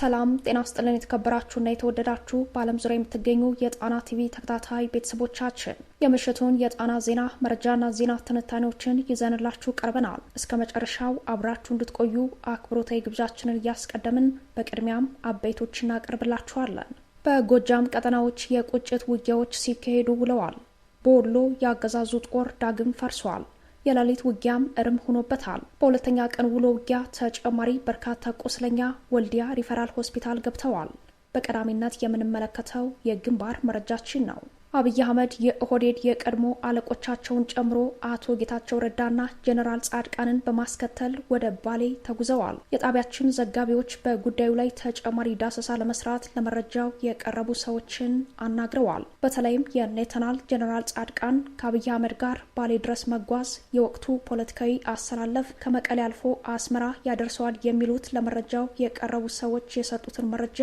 ሰላም ጤና ስጥልን። የተከበራችሁና የተወደዳችሁ በዓለም ዙሪያ የምትገኙ የጣና ቲቪ ተከታታይ ቤተሰቦቻችን የምሽቱን የጣና ዜና መረጃና ዜና ትንታኔዎችን ይዘንላችሁ ቀርበናል። እስከ መጨረሻው አብራችሁ እንድትቆዩ አክብሮታዊ ግብዣችንን እያስቀደምን በቅድሚያም አበይቶች እናቀርብላችኋለን። በጎጃም ቀጠናዎች የቁጭት ውጊያዎች ሲካሄዱ ውለዋል። በወሎ የአገዛዙ ጦር ዳግም ፈርሷል። የሌሊት ውጊያም እርም ሆኖበታል። በሁለተኛ ቀን ውሎ ውጊያ ተጨማሪ በርካታ ቁስለኛ ወልዲያ ሪፈራል ሆስፒታል ገብተዋል። በቀዳሚነት የምንመለከተው የግንባር መረጃችን ነው። አብይ አህመድ የኦህዴድ የቀድሞ አለቆቻቸውን ጨምሮ አቶ ጌታቸው ረዳና ጀኔራል ጻድቃንን በማስከተል ወደ ባሌ ተጉዘዋል። የጣቢያችን ዘጋቢዎች በጉዳዩ ላይ ተጨማሪ ዳሰሳ ለመስራት ለመረጃው የቀረቡ ሰዎችን አናግረዋል። በተለይም የኔተናል ጀኔራል ጻድቃን ከአብይ አህመድ ጋር ባሌ ድረስ መጓዝ የወቅቱ ፖለቲካዊ አሰላለፍ ከመቀሌ አልፎ አስመራ ያደርሰዋል የሚሉት ለመረጃው የቀረቡ ሰዎች የሰጡትን መረጃ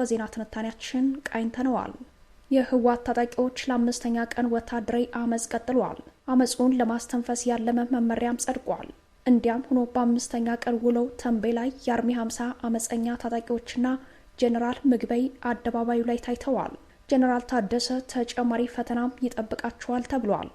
በዜና ትንታኔያችን ቃኝተነዋል። የህወሓት ታጣቂዎች ለአምስተኛ ቀን ወታደራዊ አመፅ ቀጥለዋል። አመፁን ለማስተንፈስ ያለመ መመሪያም ጸድቋል። እንዲያም ሆኖ በአምስተኛ ቀን ውለው ተንቤ ላይ የአርሚ 50 አመፀኛ ታጣቂዎችና ጀኔራል ምግበይ አደባባዩ ላይ ታይተዋል። ጀኔራል ታደሰ ተጨማሪ ፈተናም ይጠብቃቸዋል ተብሏል።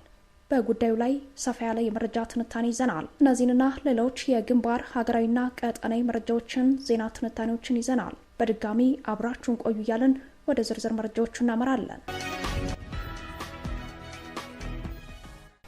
በጉዳዩ ላይ ሰፋ ያለ የመረጃ ትንታኔ ይዘናል። እነዚህንና ሌሎች የግንባር ሀገራዊና ቀጠናዊ መረጃዎችን፣ ዜና ትንታኔዎችን ይዘናል። በድጋሚ አብራችሁን ቆዩ እያልን ወደ ዝርዝር መረጃዎቹ እናመራለን።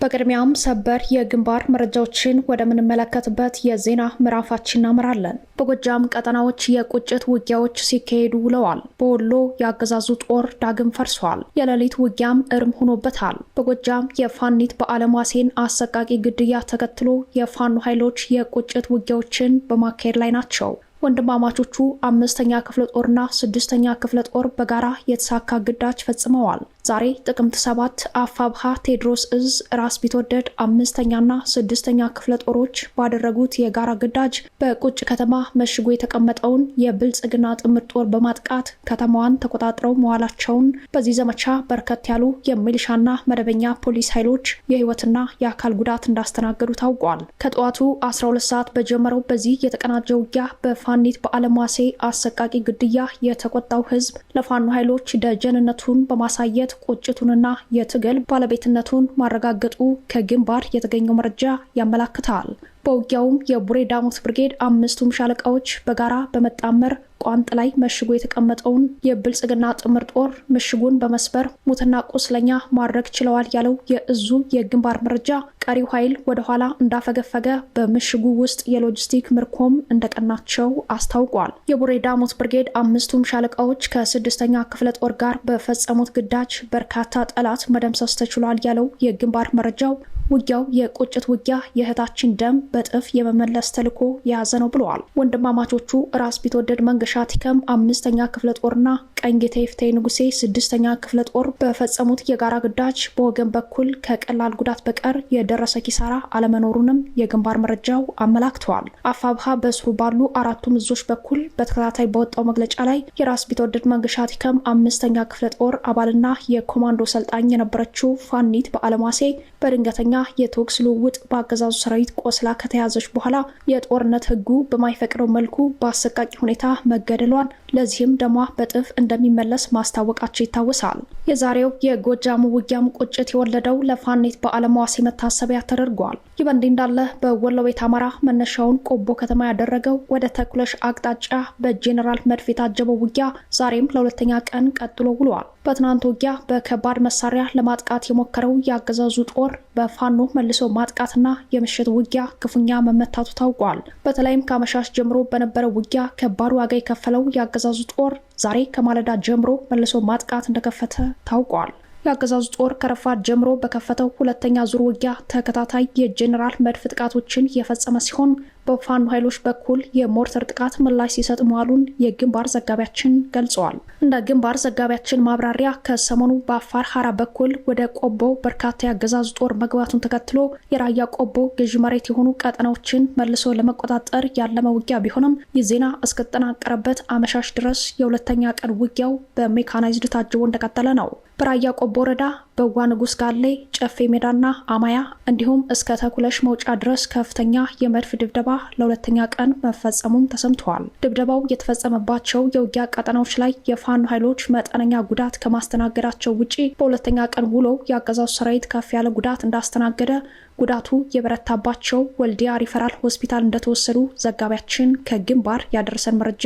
በቅድሚያም ሰበር የግንባር መረጃዎችን ወደምንመለከትበት የዜና ምዕራፋችን እናመራለን። በጎጃም ቀጠናዎች የቁጭት ውጊያዎች ሲካሄዱ ውለዋል። በወሎ የአገዛዙ ጦር ዳግም ፈርሷል። የሌሊት ውጊያም እርም ሆኖበታል። በጎጃም የፋኒት በአለማሴን አሰቃቂ ግድያ ተከትሎ የፋኑ ኃይሎች የቁጭት ውጊያዎችን በማካሄድ ላይ ናቸው። ወንድማማቾቹ አምስተኛ ክፍለ ጦርና ስድስተኛ ክፍለ ጦር በጋራ የተሳካ ግዳጅ ፈጽመዋል። ዛሬ ጥቅምት ሰባት አፋብሃ ቴዎድሮስ እዝ ራስ ቢትወደድ አምስተኛና ስድስተኛ ክፍለ ጦሮች ባደረጉት የጋራ ግዳጅ በቁጭ ከተማ መሽጎ የተቀመጠውን የብልጽግና ጥምር ጦር በማጥቃት ከተማዋን ተቆጣጥረው መዋላቸውን፣ በዚህ ዘመቻ በርከት ያሉ የሚሊሻና መደበኛ ፖሊስ ኃይሎች የህይወትና የአካል ጉዳት እንዳስተናገዱ ታውቋል። ከጠዋቱ 12 ሰዓት በጀመረው በዚህ የተቀናጀ ውጊያ በፋ በማኒት በአለማሴ አሰቃቂ ግድያ የተቆጣው ህዝብ ለፋኖ ኃይሎች ደጀንነቱን በማሳየት ቁጭቱንና የትግል ባለቤትነቱን ማረጋገጡ ከግንባር የተገኘው መረጃ ያመላክታል። በውጊያውም የቡሬ ዳሞት ብርጌድ አምስቱም ሻለቃዎች በጋራ በመጣመር ቋንጥ ላይ መሽጎ የተቀመጠውን የብልጽግና ጥምር ጦር ምሽጉን በመስበር ሙትና ቁስለኛ ማድረግ ችለዋል ያለው የእዙ የግንባር መረጃ ቀሪው ኃይል ወደኋላ እንዳፈገፈገ በምሽጉ ውስጥ የሎጂስቲክ ምርኮም እንደቀናቸው አስታውቋል። የቡሬ ዳሞት ብርጌድ አምስቱም ሻለቃዎች ከስድስተኛ ክፍለ ጦር ጋር በፈጸሙት ግዳጅ በርካታ ጠላት መደምሰስ ተችሏል ያለው የግንባር መረጃው ውጊያው የቁጭት ውጊያ፣ የእህታችን ደም በጥፍ የመመለስ ተልዕኮ የያዘ ነው ብለዋል። ወንድማማቾቹ ራስ ቢትወደድ መንገሻ ቲከም አምስተኛ ክፍለ ጦርና ቀኝ ጌታ ይፍቴ ንጉሴ ስድስተኛ ክፍለ ጦር በፈጸሙት የጋራ ግዳጅ በወገን በኩል ከቀላል ጉዳት በቀር የደረሰ ኪሳራ አለመኖሩንም የግንባር መረጃው አመላክተዋል። አፋብሃ በስሩ ባሉ አራቱም እዞች በኩል በተከታታይ በወጣው መግለጫ ላይ የራስ ቢትወደድ መንገሻ ቲከም አምስተኛ ክፍለ ጦር አባልና የኮማንዶ ሰልጣኝ የነበረችው ፋኒት በአለማሴ በድንገተኛ የተኩስ ልውውጥ በአገዛዙ ሰራዊት ቆስላ ከተያዘች በኋላ የጦርነት ሕጉ በማይፈቅደው መልኩ በአሰቃቂ ሁኔታ መገደሏን ለዚህም ደሟ በጥፍ እንደሚመለስ ማስታወቃቸው ይታወሳል። የዛሬው የጎጃሙ ውጊያም ቁጭት የወለደው ለፋኔት በዓለ ዋሴ መታሰቢያ ተደርጓል። ይህ በእንዲህ እንዳለ በወሎ ቤት አማራ መነሻውን ቆቦ ከተማ ያደረገው ወደ ተኩለሽ አቅጣጫ በጄኔራል መድፍ የታጀበው ውጊያ ዛሬም ለሁለተኛ ቀን ቀጥሎ ውሏል። በትናንት ውጊያ በከባድ መሳሪያ ለማጥቃት የሞከረው የአገዛዙ ጦር በፋ ፋኖ መልሶ ማጥቃትና የምሽት ውጊያ ክፉኛ መመታቱ ታውቋል። በተለይም ከአመሻሽ ጀምሮ በነበረው ውጊያ ከባድ ዋጋ የከፈለው የአገዛዙ ጦር ዛሬ ከማለዳ ጀምሮ መልሶ ማጥቃት እንደከፈተ ታውቋል። የአገዛዙ ጦር ከረፋድ ጀምሮ በከፈተው ሁለተኛ ዙር ውጊያ ተከታታይ የጄኔራል መድፍ ጥቃቶችን የፈጸመ ሲሆን በፋኖ ኃይሎች በኩል የሞርተር ጥቃት ምላሽ ሲሰጥ መዋሉን የግንባር ዘጋቢያችን ገልጸዋል። እንደ ግንባር ዘጋቢያችን ማብራሪያ ከሰሞኑ በአፋር ሀራ በኩል ወደ ቆቦ በርካታ የአገዛዙ ጦር መግባቱን ተከትሎ የራያ ቆቦ ገዢ መሬት የሆኑ ቀጠናዎችን መልሶ ለመቆጣጠር ያለመ ውጊያ ቢሆንም ይህ ዜና እስከተጠናቀረበት አመሻሽ ድረስ የሁለተኛ ቀን ውጊያው በሜካናይዝድ ታጅቦ እንደቀጠለ ነው። በራያ ቆቦ ወረዳ በዋ ንጉስ ጋሌ፣ ጨፌ ሜዳና አማያ እንዲሁም እስከ ተኩለሽ መውጫ ድረስ ከፍተኛ የመድፍ ድብደባ ለሁለተኛ ቀን መፈጸሙም ተሰምተዋል። ድብደባው የተፈጸመባቸው የውጊያ ቀጠናዎች ላይ የፋኖ ኃይሎች መጠነኛ ጉዳት ከማስተናገዳቸው ውጪ በሁለተኛ ቀን ውሎ የአገዛዙ ሰራዊት ከፍ ያለ ጉዳት እንዳስተናገደ ጉዳቱ የበረታባቸው ወልዲያ ሪፈራል ሆስፒታል እንደተወሰዱ ዘጋቢያችን ከግንባር ያደረሰን መረጃ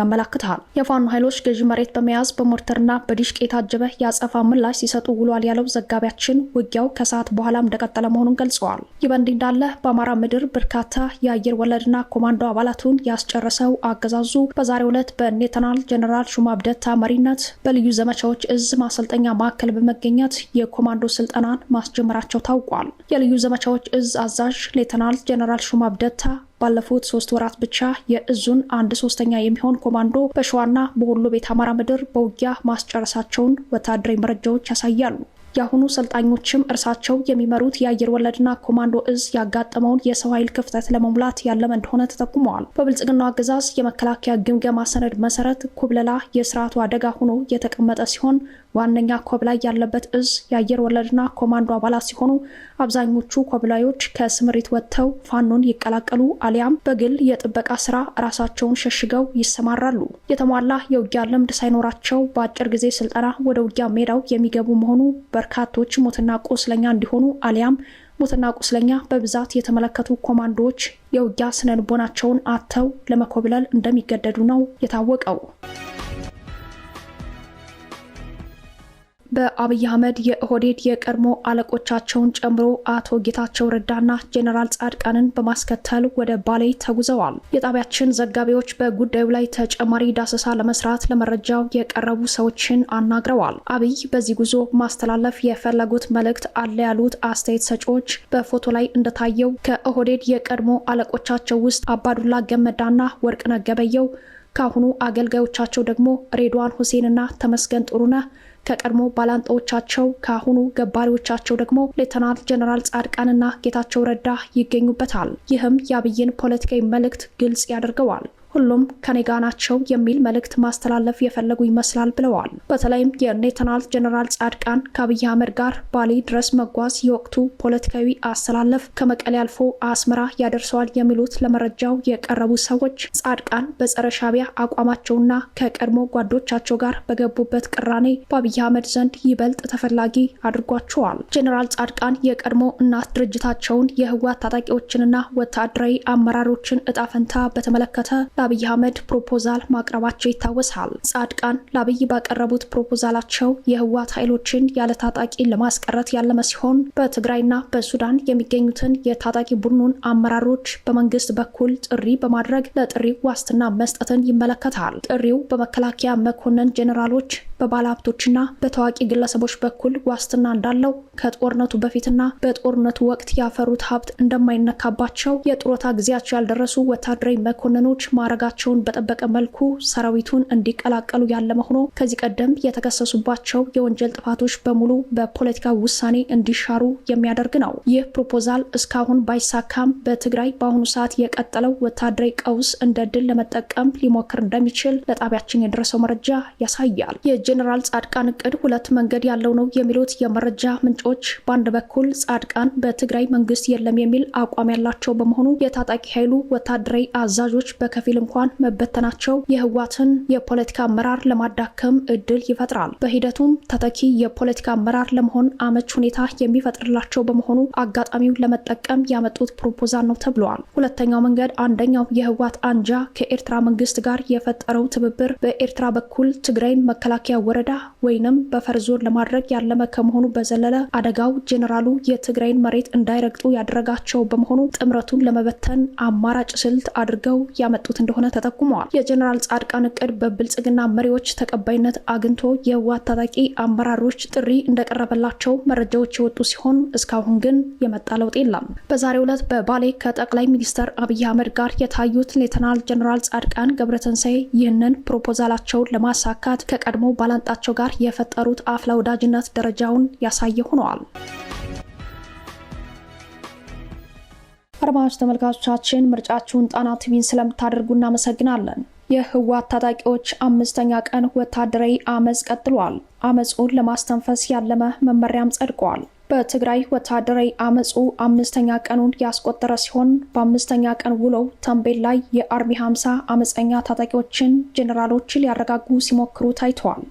ያመላክታል። የፋኖ ኃይሎች ገዢ መሬት በመያዝ በሞርተርና በዲሽቅ የታጀበ የአጸፋ ምላሽ ሲሰጡ ውሏል ያለው ዘጋቢያችን ውጊያው ከሰዓት በኋላም እንደቀጠለ መሆኑን ገልጸዋል። ይህ በእንዲህ እንዳለ በአማራ ምድር በርካታ የአየር ወለድና ኮማንዶ አባላቱን ያስጨረሰው አገዛዙ በዛሬው ዕለት በኔተናል ጀኔራል ሹማብደታ መሪነት በልዩ ዘመቻዎች እዝ ማሰልጠኛ ማዕከል በመገኘት የኮማንዶ ስልጠናን ማስጀመራቸው ታውቋል። የልዩ ዘመቻዎች እዝ አዛዥ ሌተናል ጀኔራል ሹማብደታ ባለፉት ሶስት ወራት ብቻ የእዙን አንድ ሶስተኛ የሚሆን ኮማንዶ በሸዋና በወሎ ቤት አማራ ምድር በውጊያ ማስጨረሳቸውን ወታደራዊ መረጃዎች ያሳያሉ። የአሁኑ ሰልጣኞችም እርሳቸው የሚመሩት የአየር ወለድና ኮማንዶ እዝ ያጋጠመውን የሰው ኃይል ክፍተት ለመሙላት ያለመ እንደሆነ ተጠቁመዋል። በብልጽግናው አገዛዝ የመከላከያ ግምገማ ሰነድ መሰረት ኩብለላ የስርዓቱ አደጋ ሆኖ የተቀመጠ ሲሆን ዋነኛ ኮብላይ ያለበት እዝ የአየር ወለድና ኮማንዶ አባላት ሲሆኑ አብዛኞቹ ኮብላዮች ከስምሪት ወጥተው ፋኖን ይቀላቀሉ አሊያም በግል የጥበቃ ስራ ራሳቸውን ሸሽገው ይሰማራሉ። የተሟላ የውጊያ ልምድ ሳይኖራቸው በአጭር ጊዜ ስልጠና ወደ ውጊያ ሜዳው የሚገቡ መሆኑ በርካቶች ሞትና ቁስለኛ እንዲሆኑ አሊያም ሞትና ቁስለኛ በብዛት የተመለከቱ ኮማንዶዎች የውጊያ ስነልቦናቸውን አጥተው ለመኮብለል እንደሚገደዱ ነው የታወቀው። በአብይ አህመድ የኦህዴድ የቀድሞ አለቆቻቸውን ጨምሮ አቶ ጌታቸው ረዳና ጄኔራል ጻድቃንን በማስከተል ወደ ባሌ ተጉዘዋል። የጣቢያችን ዘጋቢዎች በጉዳዩ ላይ ተጨማሪ ዳሰሳ ለመስራት ለመረጃው የቀረቡ ሰዎችን አናግረዋል። አብይ በዚህ ጉዞ ማስተላለፍ የፈለጉት መልእክት አለ ያሉት አስተያየት ሰጪዎች በፎቶ ላይ እንደታየው ከኦህዴድ የቀድሞ አለቆቻቸው ውስጥ አባዱላ ገመዳና ወርቅነህ ገበየሁ ከአሁኑ አገልጋዮቻቸው ደግሞ ሬድዋን ሁሴንና ተመስገን ጥሩነህ ከቀድሞ ባላንጣዎቻቸው ከአሁኑ ገባሪዎቻቸው ደግሞ ሌተናል ጀነራል ጻድቃንና ጌታቸው ረዳ ይገኙበታል። ይህም የአብይን ፖለቲካዊ መልእክት ግልጽ ያደርገዋል። ሁሉም ከኔ ጋ ናቸው የሚል መልእክት ማስተላለፍ የፈለጉ ይመስላል ብለዋል። በተለይም የኔተናል ጀነራል ጻድቃን ከአብይ አህመድ ጋር ባሌ ድረስ መጓዝ የወቅቱ ፖለቲካዊ አስተላለፍ ከመቀሌ አልፎ አስመራ ያደርሰዋል የሚሉት ለመረጃው የቀረቡ ሰዎች ጻድቃን በጸረ ሻቢያ አቋማቸውና ከቀድሞ ጓዶቻቸው ጋር በገቡበት ቅራኔ በአብይ አህመድ ዘንድ ይበልጥ ተፈላጊ አድርጓቸዋል። ጀነራል ጻድቃን የቀድሞ እናት ድርጅታቸውን የህወሓት ታጣቂዎችንና ወታደራዊ አመራሮችን እጣፈንታ ፈንታ በተመለከተ ለአብይ አህመድ ፕሮፖዛል ማቅረባቸው ይታወሳል። ጻድቃን ለአብይ ባቀረቡት ፕሮፖዛላቸው የህወሓት ኃይሎችን ያለ ታጣቂ ለማስቀረት ያለመ ሲሆን በትግራይና በሱዳን የሚገኙትን የታጣቂ ቡድኑን አመራሮች በመንግስት በኩል ጥሪ በማድረግ ለጥሪው ዋስትና መስጠትን ይመለከታል። ጥሪው በመከላከያ መኮንን ጄኔራሎች በባለሀብቶችና በታዋቂ ግለሰቦች በኩል ዋስትና እንዳለው ከጦርነቱ በፊትና በጦርነቱ ወቅት ያፈሩት ሀብት እንደማይነካባቸው የጡረታ ጊዜያቸው ያልደረሱ ወታደራዊ መኮንኖች ማዕረጋቸውን በጠበቀ መልኩ ሰራዊቱን እንዲቀላቀሉ ያለ መሆኖ ከዚህ ቀደም የተከሰሱባቸው የወንጀል ጥፋቶች በሙሉ በፖለቲካ ውሳኔ እንዲሻሩ የሚያደርግ ነው። ይህ ፕሮፖዛል እስካሁን ባይሳካም በትግራይ በአሁኑ ሰዓት የቀጠለው ወታደራዊ ቀውስ እንደ ድል ለመጠቀም ሊሞክር እንደሚችል ለጣቢያችን የደረሰው መረጃ ያሳያል። የጄኔራል ጻድቃን እቅድ ሁለት መንገድ ያለው ነው የሚሉት የመረጃ ምንጮች በአንድ በኩል ጻድቃን በትግራይ መንግስት የለም የሚል አቋም ያላቸው በመሆኑ የታጣቂ ኃይሉ ወታደራዊ አዛዦች በከፊል እንኳን መበተናቸው የህዋትን የፖለቲካ አመራር ለማዳከም እድል ይፈጥራል። በሂደቱም ተተኪ የፖለቲካ አመራር ለመሆን አመች ሁኔታ የሚፈጥርላቸው በመሆኑ አጋጣሚው ለመጠቀም ያመጡት ፕሮፖዛል ነው ተብለዋል። ሁለተኛው መንገድ አንደኛው የህዋት አንጃ ከኤርትራ መንግስት ጋር የፈጠረው ትብብር በኤርትራ በኩል ትግራይን መከላከያ ወረዳ ወይንም በፈር ዞን ለማድረግ ያለመ ከመሆኑ በዘለለ አደጋው ጄኔራሉ የትግራይን መሬት እንዳይረግጡ ያደረጋቸው በመሆኑ ጥምረቱን ለመበተን አማራጭ ስልት አድርገው ያመጡት እንደሆነ ተጠቁመዋል። የጄኔራል ጻድቃን እቅድ በብልጽግና መሪዎች ተቀባይነት አግኝቶ የህወሓት ታጣቂ አመራሮች ጥሪ እንደቀረበላቸው መረጃዎች የወጡ ሲሆን እስካሁን ግን የመጣ ለውጥ የለም። በዛሬው ዕለት በባሌ ከጠቅላይ ሚኒስትር አብይ አህመድ ጋር የታዩት ሌተናል ጄኔራል ጻድቃን ገብረተንሳይ ይህንን ፕሮፖዛላቸውን ለማሳካት ከቀድሞ ባለ ካላንጣቸው ጋር የፈጠሩት አፍላ ወዳጅነት ደረጃውን ያሳየ ሆነዋል። አድማጭ ተመልካቾቻችን ምርጫችሁን ጣና ቲቪን ስለምታደርጉ እናመሰግናለን። የህወሓት ታጣቂዎች አምስተኛ ቀን ወታደራዊ አመፅ ቀጥሏል። አመፁን ለማስተንፈስ ያለመ መመሪያም ጸድቋል። በትግራይ ወታደራዊ አመፁ አምስተኛ ቀኑን ያስቆጠረ ሲሆን በአምስተኛ ቀን ውሎው ተንቤን ላይ የአርሚ 50 አመፀኛ ታጣቂዎችን ጄኔራሎች ሊያረጋጉ ሲሞክሩ ታይተዋል።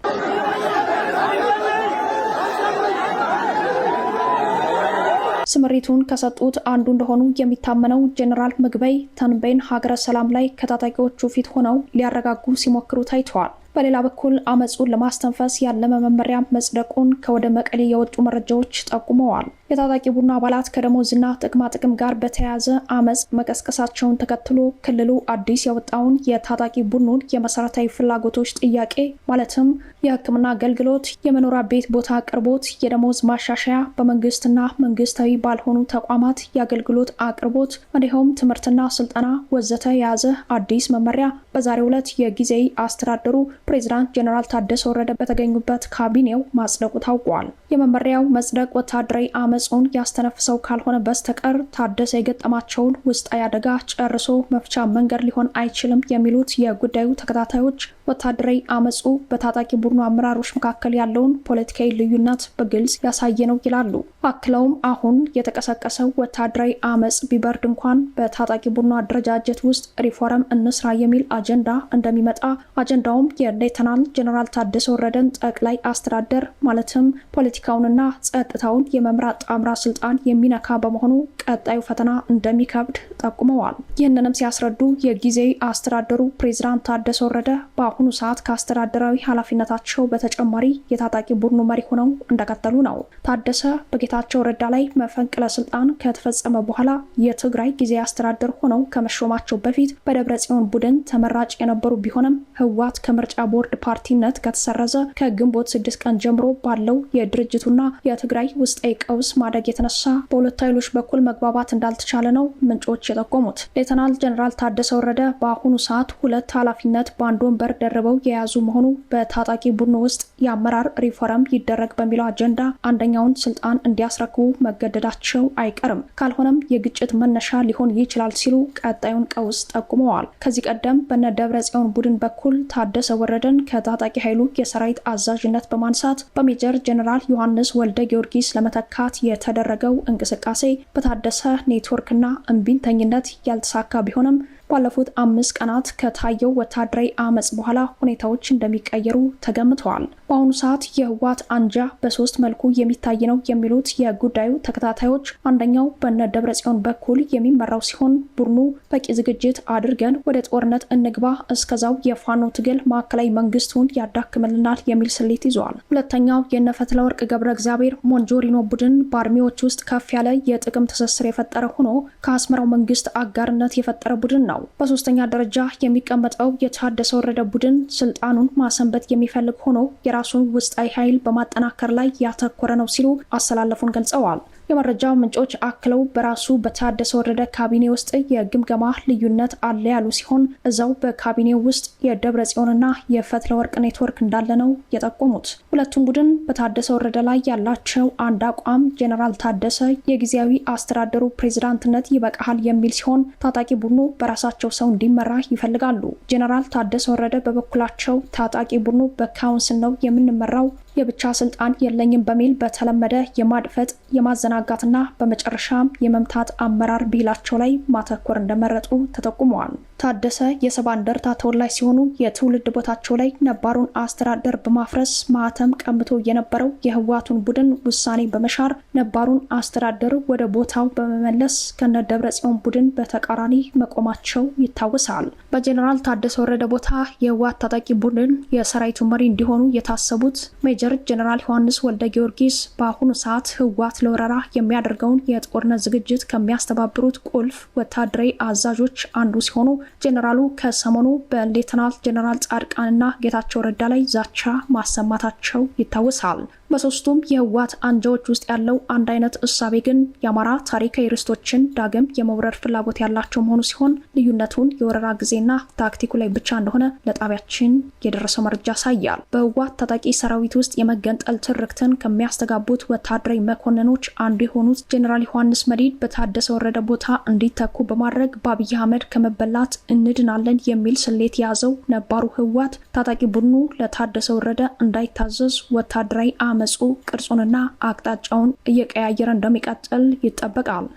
ስምሪቱን ከሰጡት አንዱ እንደሆኑ የሚታመነው ጄኔራል ምግበይ ተንቤን ሀገረ ሰላም ላይ ከታጣቂዎቹ ፊት ሆነው ሊያረጋጉ ሲሞክሩ ታይተዋል። በሌላ በኩል አመፁን ለማስተንፈስ ያለመ መመሪያ መጽደቁን ከወደ መቀሌ የወጡ መረጃዎች ጠቁመዋል። የታጣቂ ቡድን አባላት ከደሞዝና ጥቅማ ጥቅም ጋር በተያያዘ አመፅ መቀስቀሳቸውን ተከትሎ ክልሉ አዲስ የወጣውን የታጣቂ ቡድኑን የመሰረታዊ ፍላጎቶች ጥያቄ ማለትም የሕክምና አገልግሎት፣ የመኖሪያ ቤት ቦታ አቅርቦት፣ የደሞዝ ማሻሻያ፣ በመንግስትና መንግስታዊ ባልሆኑ ተቋማት የአገልግሎት አቅርቦት እንዲሁም ትምህርትና ስልጠና ወዘተ የያዘ አዲስ መመሪያ በዛሬው ዕለት የጊዜያዊ አስተዳደሩ ፕሬዚዳንት ጀኔራል ታደሰ ወረደ በተገኙበት ካቢኔው ማጽደቁ ታውቋል። የመመሪያው መጽደቅ ወታደራዊ አመ አመፁን ያስተነፍሰው ካልሆነ በስተቀር ታደሰ የገጠማቸውን ውስጣዊ አደጋ ጨርሶ መፍቻ መንገድ ሊሆን አይችልም የሚሉት የጉዳዩ ተከታታዮች ወታደራዊ አመፁ በታጣቂ ቡድኑ አመራሮች መካከል ያለውን ፖለቲካዊ ልዩነት በግልጽ ያሳየ ነው ይላሉ። አክለውም አሁን የተቀሰቀሰው ወታደራዊ አመፅ ቢበርድ እንኳን በታጣቂ ቡድኑ አደረጃጀት ውስጥ ሪፎርም እንስራ የሚል አጀንዳ እንደሚመጣ፣ አጀንዳውም የሌተናል ጀኔራል ታደሰ ወረደን ጠቅላይ አስተዳደር ማለትም ፖለቲካውንና ጸጥታውን የመምራት ጣምራ ስልጣን የሚነካ በመሆኑ ቀጣዩ ፈተና እንደሚከብድ ጠቁመዋል። ይህንንም ሲያስረዱ የጊዜያዊ አስተዳደሩ ፕሬዚዳንት ታደሰ ወረደ በአሁኑ ሰዓት ከአስተዳደራዊ ኃላፊነታቸው በተጨማሪ የታጣቂ ቡድኑ መሪ ሆነው እንደቀጠሉ ነው። ታደሰ በጌታቸው ረዳ ላይ መፈንቅለ ስልጣን ከተፈጸመ በኋላ የትግራይ ጊዜ አስተዳደር ሆነው ከመሾማቸው በፊት በደብረ ጽዮን ቡድን ተመራጭ የነበሩ ቢሆንም ህወሓት ከምርጫ ቦርድ ፓርቲነት ከተሰረዘ ከግንቦት ስድስት ቀን ጀምሮ ባለው የድርጅቱና የትግራይ ውስጣዊ ቀውስ ማደግ የተነሳ በሁለት ኃይሎች በኩል መግባባት እንዳልተቻለ ነው ምንጮች የጠቆሙት። ሌተናል ጀኔራል ታደሰ ወረደ በአሁኑ ሰዓት ሁለት ኃላፊነት በአንድ ወንበር ደርበው የያዙ መሆኑ በታጣቂ ቡድኑ ውስጥ የአመራር ሪፎረም ይደረግ በሚለው አጀንዳ አንደኛውን ስልጣን እንዲያስረክቡ መገደዳቸው አይቀርም፣ ካልሆነም የግጭት መነሻ ሊሆን ይችላል ሲሉ ቀጣዩን ቀውስ ጠቁመዋል። ከዚህ ቀደም በነ ደብረ ጽዮን ቡድን በኩል ታደሰ ወረደን ከታጣቂ ኃይሉ የሰራዊት አዛዥነት በማንሳት በሜጀር ጀኔራል ዮሐንስ ወልደ ጊዮርጊስ ለመተካት የተደረገው እንቅስቃሴ በታደሰ ኔትወርክና እምቢንተኝነት ያልተሳካ ቢሆንም ባለፉት አምስት ቀናት ከታየው ወታደራዊ አመፅ በኋላ ሁኔታዎች እንደሚቀየሩ ተገምተዋል። በአሁኑ ሰዓት የህወሓት አንጃ በሶስት መልኩ የሚታይ ነው የሚሉት የጉዳዩ ተከታታዮች፣ አንደኛው በነ ደብረጽዮን በኩል የሚመራው ሲሆን ቡድኑ በቂ ዝግጅት አድርገን ወደ ጦርነት እንግባ፣ እስከዛው የፋኖ ትግል ማዕከላዊ መንግስቱን ያዳክምልናል የሚል ስሌት ይዘዋል። ሁለተኛው የነ ፈትለወርቅ ገብረ እግዚአብሔር ሞንጆሪኖ ቡድን በአርሚዎች ውስጥ ከፍ ያለ የጥቅም ትስስር የፈጠረ ሆኖ ከአስመራው መንግስት አጋርነት የፈጠረ ቡድን ነው። በሶስተኛ ደረጃ የሚቀመጠው የታደሰ ወረደ ቡድን ስልጣኑን ማሰንበት የሚፈልግ ሆኖ የራ የራሱን ውስጣዊ ኃይል በማጠናከር ላይ ያተኮረ ነው ሲሉ አሰላለፉን ገልጸዋል። የመረጃ ምንጮች አክለው በራሱ በታደሰ ወረደ ካቢኔ ውስጥ የግምገማ ልዩነት አለ ያሉ ሲሆን እዛው በካቢኔው ውስጥ የደብረ ጽዮንና የፈትለ ወርቅ ኔትወርክ እንዳለ ነው የጠቆሙት። ሁለቱም ቡድን በታደሰ ወረደ ላይ ያላቸው አንድ አቋም ጄኔራል ታደሰ የጊዜያዊ አስተዳደሩ ፕሬዚዳንትነት ይበቃሃል የሚል ሲሆን ታጣቂ ቡድኑ በራሳቸው ሰው እንዲመራ ይፈልጋሉ። ጄኔራል ታደሰ ወረደ በበኩላቸው ታጣቂ ቡድኑ በካውንስል ነው የምንመራው የብቻ ስልጣን የለኝም በሚል በተለመደ የማድፈጥ የማዘናጋትና በመጨረሻም የመምታት አመራር ብሂላቸው ላይ ማተኮር እንደመረጡ ተጠቁመዋል። ታደሰ የሰባ እንደርታ ተወላጅ ሲሆኑ የትውልድ ቦታቸው ላይ ነባሩን አስተዳደር በማፍረስ ማህተም ቀምቶ የነበረው የህወሓቱን ቡድን ውሳኔ በመሻር ነባሩን አስተዳደር ወደ ቦታው በመመለስ ከነ ደብረ ጽዮን ቡድን በተቃራኒ መቆማቸው ይታወሳል። በጀኔራል ታደሰ ወረደ ቦታ የህወሓት ታጣቂ ቡድን የሰራዊቱ መሪ እንዲሆኑ የታሰቡት ሜጀር ጀኔራል ዮሐንስ ወልደ ጊዮርጊስ በአሁኑ ሰዓት ህወሓት ለወረራ የሚያደርገውን የጦርነት ዝግጅት ከሚያስተባብሩት ቁልፍ ወታደራዊ አዛዦች አንዱ ሲሆኑ ጀኔራሉ ከሰሞኑ በሌተናል ጀኔራል ጻድቃንና ጌታቸው ረዳ ላይ ዛቻ ማሰማታቸው ይታወሳል። በሶስቱም የህወሓት አንጃዎች ውስጥ ያለው አንድ አይነት እሳቤ ግን የአማራ ታሪካዊ ርስቶችን ዳግም የመውረር ፍላጎት ያላቸው መሆኑ ሲሆን ልዩነቱን የወረራ ጊዜና ታክቲኩ ላይ ብቻ እንደሆነ ለጣቢያችን የደረሰው መረጃ ያሳያል። በህወሓት ታጣቂ ሰራዊት ውስጥ የመገንጠል ትርክትን ከሚያስተጋቡት ወታደራዊ መኮንኖች አንዱ የሆኑት ጄኔራል ዮሐንስ መዲድ በታደሰ ወረደ ቦታ እንዲተኩ በማድረግ በአብይ አህመድ ከመበላት እንድናለን የሚል ስሌት የያዘው ነባሩ ህወሓት ታጣቂ ቡድኑ ለታደሰ ወረደ እንዳይታዘዝ ወታደራዊ አመፁ ቅርጹንና አቅጣጫውን እየቀያየረ እንደሚቀጥል ይጠበቃል።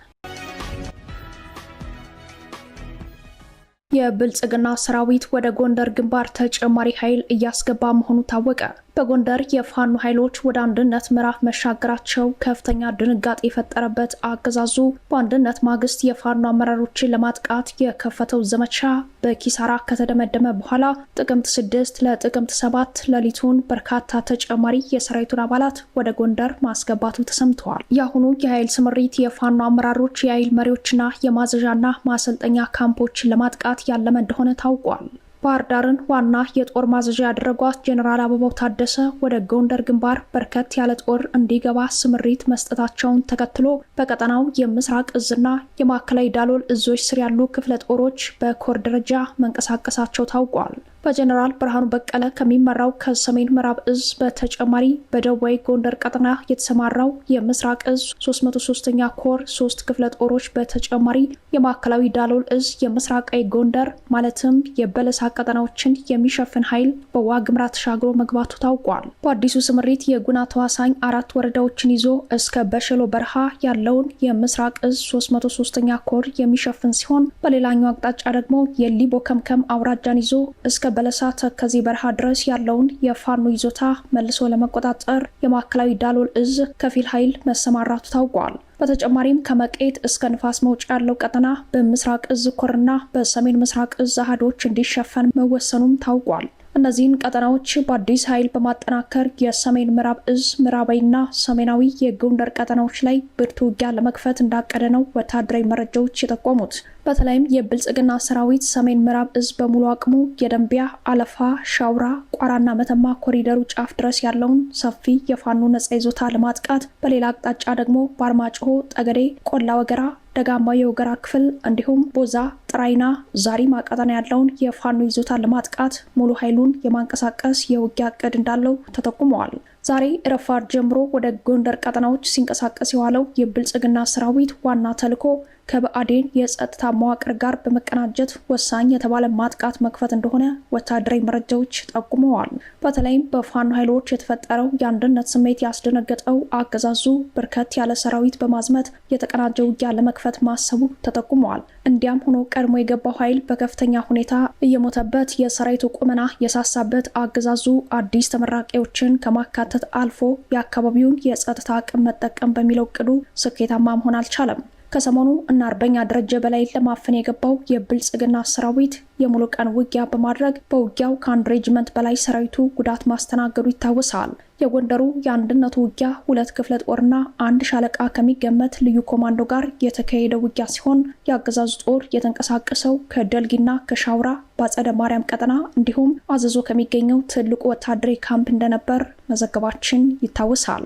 የብልጽግና ሰራዊት ወደ ጎንደር ግንባር ተጨማሪ ኃይል እያስገባ መሆኑ ታወቀ። በጎንደር የፋኖ ኃይሎች ወደ አንድነት ምዕራፍ መሻገራቸው ከፍተኛ ድንጋጤ የፈጠረበት አገዛዙ በአንድነት ማግስት የፋኖ አመራሮችን ለማጥቃት የከፈተው ዘመቻ በኪሳራ ከተደመደመ በኋላ ጥቅምት ስድስት ለጥቅምት ሰባት ሌሊቱን በርካታ ተጨማሪ የሰራዊቱን አባላት ወደ ጎንደር ማስገባቱ ተሰምተዋል። የአሁኑ የኃይል ስምሪት የፋኖ አመራሮች የኃይል መሪዎችና የማዘዣና ማሰልጠኛ ካምፖችን ለማጥቃት ያለመ እንደሆነ ታውቋል። ባህር ዳርን ዋና የጦር ማዘዣ ያደረጓት ጀኔራል አበባው ታደሰ ወደ ጎንደር ግንባር በርከት ያለ ጦር እንዲገባ ስምሪት መስጠታቸውን ተከትሎ በቀጠናው የምስራቅ እዝና የማዕከላዊ ዳሎል እዞች ስር ያሉ ክፍለ ጦሮች በኮር ደረጃ መንቀሳቀሳቸው ታውቋል። በጀኔራል ብርሃኑ በቀለ ከሚመራው ከሰሜን ምዕራብ እዝ በተጨማሪ በደቡባዊ ጎንደር ቀጠና የተሰማራው የምስራቅ እዝ 303ኛ ኮር ሶስት ክፍለ ጦሮች በተጨማሪ የማዕከላዊ ዳሎል እዝ የምስራቃዊ ጎንደር ማለትም የበለሳ ቀጠናዎችን የሚሸፍን ኃይል በዋግምራ ተሻግሮ መግባቱ ታውቋል። በአዲሱ ስምሪት የጉና ተዋሳኝ አራት ወረዳዎችን ይዞ እስከ በሸሎ በረሃ ያለውን የምስራቅ እዝ 33 ኛ ኮር የሚሸፍን ሲሆን በሌላኛው አቅጣጫ ደግሞ የሊቦ ከምከም አውራጃን ይዞ እስከ በለሳ ተከዜ በረሃ ድረስ ያለውን የፋኖ ይዞታ መልሶ ለመቆጣጠር የማዕከላዊ ዳሎል እዝ ከፊል ኃይል መሰማራቱ ታውቋል። በተጨማሪም ከመቄት እስከ ንፋስ መውጫ ያለው ቀጠና በምስራቅ እዝ ኮርና በሰሜን ምስራቅ እዝ አህዶች እንዲሸፈን መወሰኑም ታውቋል። እነዚህን ቀጠናዎች በአዲስ ኃይል በማጠናከር የሰሜን ምዕራብ እዝ ምዕራባዊና ሰሜናዊ የጎንደር ቀጠናዎች ላይ ብርቱ ውጊያ ለመክፈት እንዳቀደ ነው ወታደራዊ መረጃዎች የጠቆሙት። በተለይም የብልጽግና ሰራዊት ሰሜን ምዕራብ እዝ በሙሉ አቅሙ የደንቢያ አለፋ፣ ሻውራ፣ ቋራና መተማ ኮሪደሩ ጫፍ ድረስ ያለውን ሰፊ የፋኖ ነጻ ይዞታ ለማጥቃት፣ በሌላ አቅጣጫ ደግሞ በአርማጭሆ፣ ጠገዴ፣ ቆላ ወገራ ደጋማ የወገራ ክፍል እንዲሁም ቦዛ ጥራይና ዛሪማ ቀጠና ያለውን የፋኖ ይዞታ ለማጥቃት ሙሉ ኃይሉን የማንቀሳቀስ የውጊያ እቅድ እንዳለው ተጠቁመዋል። ዛሬ ረፋድ ጀምሮ ወደ ጎንደር ቀጠናዎች ሲንቀሳቀስ የዋለው የብልጽግና ሰራዊት ዋና ተልዕኮ ከብአዴን የጸጥታ መዋቅር ጋር በመቀናጀት ወሳኝ የተባለ ማጥቃት መክፈት እንደሆነ ወታደራዊ መረጃዎች ጠቁመዋል። በተለይም በፋኖ ኃይሎች የተፈጠረው የአንድነት ስሜት ያስደነገጠው አገዛዙ በርከት ያለ ሰራዊት በማዝመት የተቀናጀ ውጊያ ለመክፈት ማሰቡ ተጠቁመዋል። እንዲያም ሆኖ ቀድሞ የገባው ኃይል በከፍተኛ ሁኔታ እየሞተበት፣ የሰራዊቱ ቁመና የሳሳበት አገዛዙ አዲስ ተመራቂዎችን ከማካተት አልፎ የአካባቢውን የጸጥታ አቅም መጠቀም በሚለው እቅዱ ስኬታማ መሆን አልቻለም። ከሰሞኑ እነ አርበኛ ደረጀ በላይ ለማፈን የገባው የብልጽግና ሰራዊት የሙሉ ቀን ውጊያ በማድረግ በውጊያው ከአንድ ሬጅመንት በላይ ሰራዊቱ ጉዳት ማስተናገዱ ይታወሳል። የጎንደሩ የአንድነቱ ውጊያ ሁለት ክፍለ ጦርና አንድ ሻለቃ ከሚገመት ልዩ ኮማንዶ ጋር የተካሄደ ውጊያ ሲሆን የአገዛዙ ጦር የተንቀሳቀሰው ከደልጊና ከሻውራ በአጸደ ማርያም ቀጠና እንዲሁም አዘዞ ከሚገኘው ትልቁ ወታደራዊ ካምፕ እንደነበር መዘገባችን ይታወሳል።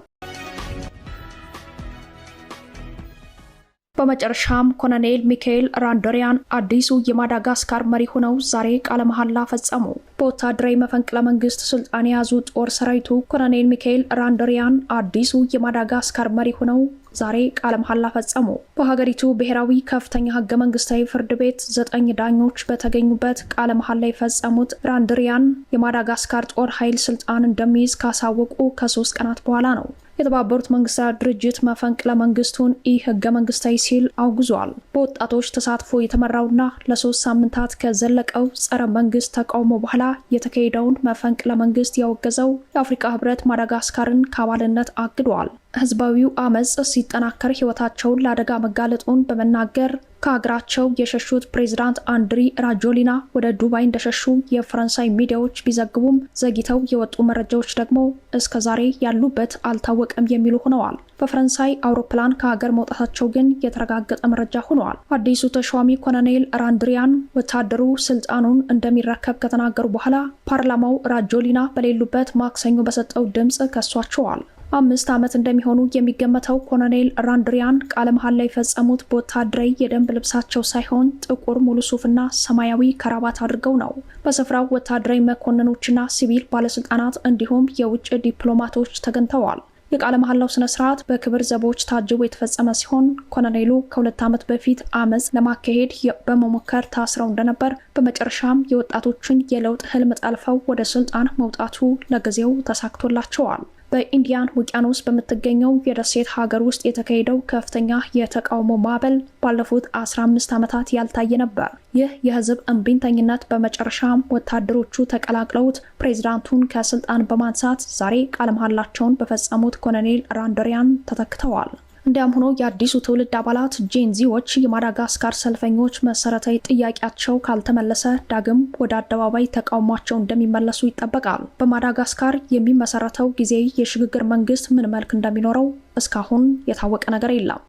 በመጨረሻም ኮሎኔል ሚካኤል ራንዶሪያን አዲሱ የማዳጋስካር መሪ ሆነው ዛሬ ቃለ መሐላ ፈጸሙ። በወታደራዊ መፈንቅለ መንግስት ስልጣን የያዙ ጦር ሰራዊቱ ኮሎኔል ሚካኤል ራንዶሪያን አዲሱ የማዳጋስካር መሪ ሆነው ዛሬ ቃለ መሐላ ፈጸሙ። በሀገሪቱ ብሔራዊ ከፍተኛ ህገ መንግስታዊ ፍርድ ቤት ዘጠኝ ዳኞች በተገኙበት ቃለ መሐላ የፈጸሙት ራንድሪያን የማዳጋስካር ጦር ኃይል ስልጣን እንደሚይዝ ካሳወቁ ከሶስት ቀናት በኋላ ነው። የተባበሩት መንግስታት ድርጅት መፈንቅለ መንግስቱን ኢ ህገ መንግስታዊ ሲል አውግዟል። በወጣቶች ተሳትፎ የተመራውና ለሶስት ሳምንታት ከዘለቀው ጸረ መንግስት ተቃውሞ በኋላ የተካሄደውን መፈንቅለ መንግስት ያወገዘው የአፍሪካ ህብረት ማዳጋስካርን ከአባልነት አግዷል። ህዝባዊው አመፅ ሲጠናከር ህይወታቸውን ለአደጋ መጋለጡን በመናገር ከሀገራቸው የሸሹት ፕሬዚዳንት አንድሪ ራጆሊና ወደ ዱባይ እንደሸሹ የፈረንሳይ ሚዲያዎች ቢዘግቡም ዘግይተው የወጡ መረጃዎች ደግሞ እስከ ዛሬ ያሉበት አልታወቀም የሚሉ ሆነዋል። በፈረንሳይ አውሮፕላን ከሀገር መውጣታቸው ግን የተረጋገጠ መረጃ ሆነዋል። አዲሱ ተሿሚ ኮሎኔል ራንድሪያን ወታደሩ ስልጣኑን እንደሚረከብ ከተናገሩ በኋላ ፓርላማው ራጆሊና በሌሉበት ማክሰኞ በሰጠው ድምፅ ከሷቸዋል። አምስት ዓመት እንደሚሆኑ የሚገመተው ኮሎኔል ራንድሪያን ቃለ መሀል ላይ የፈጸሙት በወታደራዊ የደንብ ልብሳቸው ሳይሆን ጥቁር ሙሉ ሱፍና ሰማያዊ ከራባት አድርገው ነው። በስፍራው ወታደራዊ መኮንኖችና ሲቪል ባለስልጣናት እንዲሁም የውጭ ዲፕሎማቶች ተገኝተዋል። የቃለ መሐላው ስነ ስርዓት በክብር ዘቦች ታጅቦ የተፈጸመ ሲሆን ኮሎኔሉ ከሁለት ዓመት በፊት አመፅ ለማካሄድ በመሞከር ታስረው እንደነበር፣ በመጨረሻም የወጣቶችን የለውጥ ህልም ጠልፈው ወደ ስልጣን መውጣቱ ለጊዜው ተሳክቶላቸዋል። በኢንዲያን ውቅያኖስ በምትገኘው የደሴት ሀገር ውስጥ የተካሄደው ከፍተኛ የተቃውሞ ማዕበል ባለፉት 15 ዓመታት ያልታየ ነበር። ይህ የህዝብ እምቢንተኝነት በመጨረሻም ወታደሮቹ ተቀላቅለውት ፕሬዚዳንቱን ከስልጣን በማንሳት ዛሬ ቃለ መሃላቸውን በፈጸሙት ኮሎኔል ራንደሪያን ተተክተዋል። እንዲያም ሆኖ የአዲሱ ትውልድ አባላት ጄንዚዎች የማዳጋስካር ሰልፈኞች መሰረታዊ ጥያቄያቸው ካልተመለሰ ዳግም ወደ አደባባይ ተቃውሟቸው እንደሚመለሱ ይጠበቃል። በማዳጋስካር የሚመሰረተው ጊዜያዊ የሽግግር መንግስት ምን መልክ እንደሚኖረው እስካሁን የታወቀ ነገር የለም።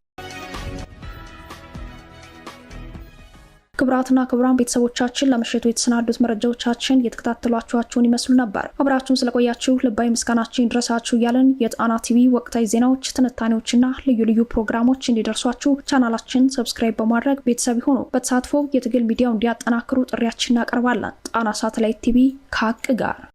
ክብራትና ክብራን ቤተሰቦቻችን ለምሽቱ የተሰናዱት መረጃዎቻችን የተከታተሏችኋችሁን ይመስሉ ነበር። አብራችሁን ስለቆያችሁ ልባዊ ምስጋናችን ይድረሳችሁ እያለን የጣና ቲቪ ወቅታዊ ዜናዎች፣ ትንታኔዎችና ልዩ ልዩ ፕሮግራሞች እንዲደርሷችሁ ቻናላችን ሰብስክራይብ በማድረግ ቤተሰብ ይሁኑ። በተሳትፎ የትግል ሚዲያው እንዲያጠናክሩ ጥሪያችን እናቀርባለን። ጣና ሳተላይት ቲቪ ከሀቅ ጋር